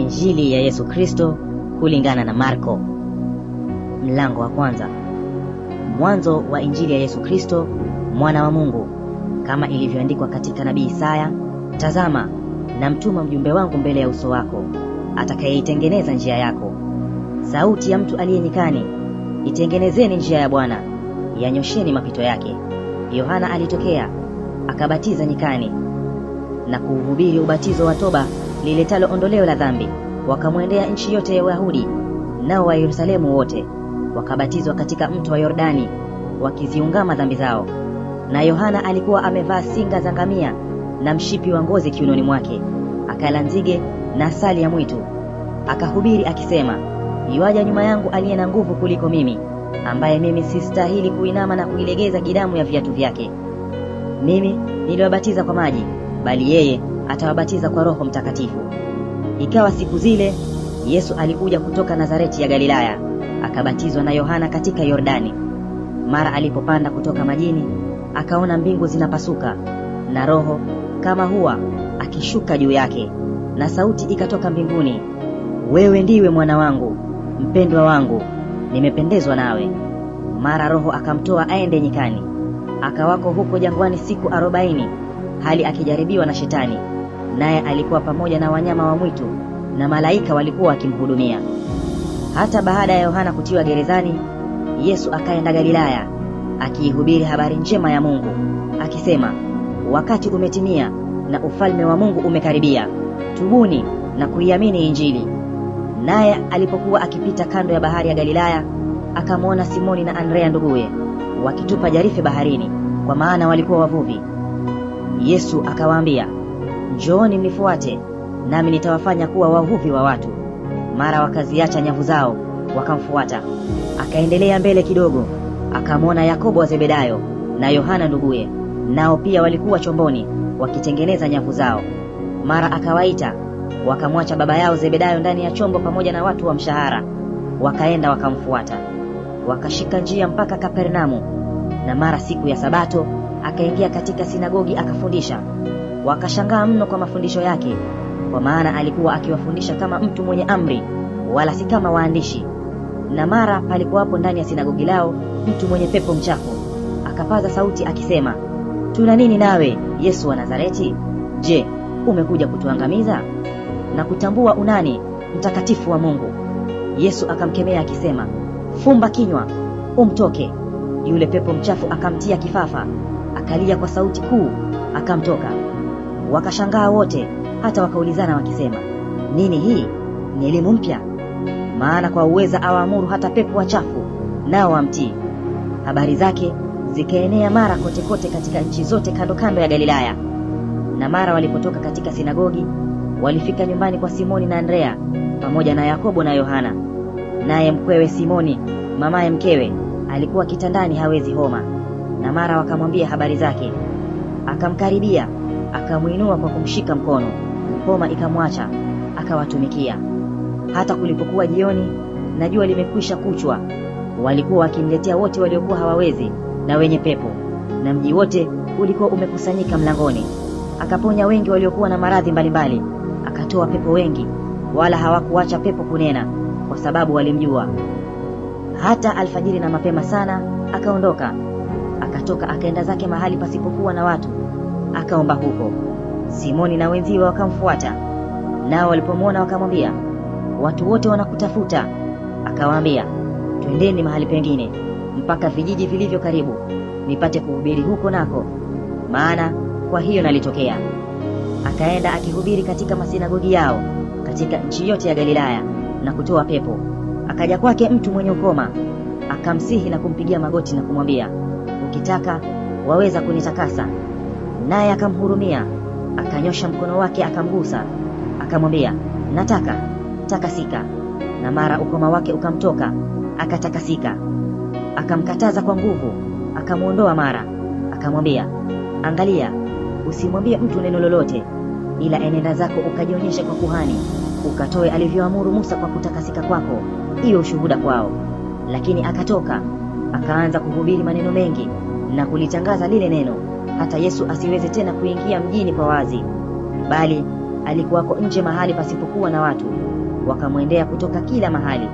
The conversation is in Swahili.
Injili ya Yesu Kristo kulingana na Marko mlango wa kwanza. Mwanzo wa Injili ya Yesu Kristo mwana wa Mungu, kama ilivyoandikwa katika nabii Isaya, tazama, namtuma mjumbe wangu mbele ya uso wako, atakayeitengeneza njia yako. Sauti ya mtu aliye nyikani, itengenezeni njia ya Bwana, yanyosheni mapito yake. Yohana alitokea akabatiza nyikani na kuuhubiri ubatizo wa toba liletalo ondoleo la dhambi, wakamwendea nchi yote ya Wayahudi nao wa Yerusalemu wote, wakabatizwa katika mto wa Yordani, wakiziungama dhambi zao. Na Yohana alikuwa amevaa singa za ngamia na mshipi wa ngozi kiunoni mwake, akala nzige na asali ya mwitu, akahubiri akisema, yuaja nyuma yangu aliye na nguvu kuliko mimi, ambaye mimi sistahili kuinama na kuilegeza gidamu ya viatu vyake. Mimi niliwabatiza kwa maji, bali yeye atawabatiza kwa Roho Mtakatifu. Ikawa siku zile Yesu alikuja kutoka Nazareti ya Galilaya akabatizwa na Yohana katika Yordani. Mara alipopanda kutoka majini, akaona mbingu zinapasuka na Roho kama hua akishuka juu yake, na sauti ikatoka mbinguni, wewe ndiwe mwana wangu mpendwa wangu, nimependezwa nawe. Mara Roho akamtoa aende nyikani, akawako huko jangwani siku arobaini, hali akijaribiwa na Shetani naye alikuwa pamoja na wanyama wa mwitu na malaika walikuwa wakimhudumia. Hata baada ya Yohana kutiwa gerezani, Yesu akaenda Galilaya akiihubiri habari njema ya Mungu akisema, wakati umetimia na ufalme wa Mungu umekaribia, tubuni na kuiamini Injili. Naye alipokuwa akipita kando ya bahari ya Galilaya, akamwona Simoni na Andrea nduguye wakitupa jarife baharini, kwa maana walikuwa wavuvi. Yesu akawaambia Njooni mnifuate, nami nitawafanya kuwa wavuvi wa watu. Mara wakaziacha nyavu zao, wakamfuata. Akaendelea mbele kidogo, akamwona Yakobo wa Zebedayo na Yohana nduguye, nao pia walikuwa chomboni wakitengeneza nyavu zao. Mara akawaita, wakamwacha baba yao Zebedayo ndani ya chombo pamoja na watu wa mshahara, wakaenda wakamfuata. Wakashika njia mpaka Kapernaumu, na mara siku ya Sabato akaingia katika sinagogi akafundisha wakashangaa mno kwa mafundisho yake kwa maana alikuwa akiwafundisha kama mtu mwenye amri wala si kama waandishi na mara palikuwapo ndani ya sinagogi lao mtu mwenye pepo mchafu akapaza sauti akisema tuna nini nawe yesu wa nazareti je umekuja kutuangamiza na kutambua unani mtakatifu wa mungu yesu akamkemea akisema fumba kinywa umtoke yule pepo mchafu akamtia kifafa akalia kwa sauti kuu akamtoka Wakashangaa wote, hata wakaulizana wakisema, nini hii? Ni elimu mpya? Maana kwa uweza awaamuru hata pepo wachafu, nao wamtii. Habari zake zikaenea mara kote kote katika nchi zote kando kando ya Galilaya. Na mara walipotoka katika sinagogi, walifika nyumbani kwa Simoni na Andrea pamoja na Yakobo na Yohana. Naye mkwewe Simoni, mamaye mkewe, alikuwa kitandani hawezi homa. Na mara wakamwambia habari zake. Akamkaribia akamwinua kwa kumshika mkono, homa ikamwacha, akawatumikia. Hata kulipokuwa jioni na jua limekwisha kuchwa, walikuwa wakimletea wote waliokuwa hawawezi na wenye pepo, na mji wote ulikuwa umekusanyika mlangoni. Akaponya wengi waliokuwa na maradhi mbalimbali, akatoa pepo wengi, wala hawakuacha pepo kunena, kwa sababu walimjua. Hata alfajiri na mapema sana akaondoka, akatoka akaenda zake mahali pasipokuwa na watu akaomba huko. Simoni na wenziwe wakamfuata, nao walipomwona wakamwambia, watu wote wanakutafuta. Akawaambia, twendeni mahali pengine mpaka vijiji vilivyo karibu, nipate kuhubiri huko nako, maana kwa hiyo nalitokea. Akaenda akihubiri katika masinagogi yao katika nchi yote ya Galilaya na kutoa pepo. Akaja kwake mtu mwenye ukoma, akamsihi na kumpigia magoti na kumwambia, ukitaka waweza kunitakasa naye akamhurumia, akanyosha mkono wake akamgusa, akamwambia, nataka takasika. Na mara ukoma wake ukamtoka, akatakasika. Akamkataza kwa nguvu, akamwondoa mara, akamwambia, angalia, usimwambie mtu neno lolote, ila enenda zako ukajionyeshe kwa kuhani, ukatoe alivyoamuru Musa kwa kutakasika kwako, iwe ushuhuda kwao. Lakini akatoka akaanza kuhubiri maneno mengi na kulitangaza lile neno hata Yesu asiweze tena kuingia mjini kwa wazi, bali alikuwako nje mahali pasipokuwa na watu, wakamwendea kutoka kila mahali.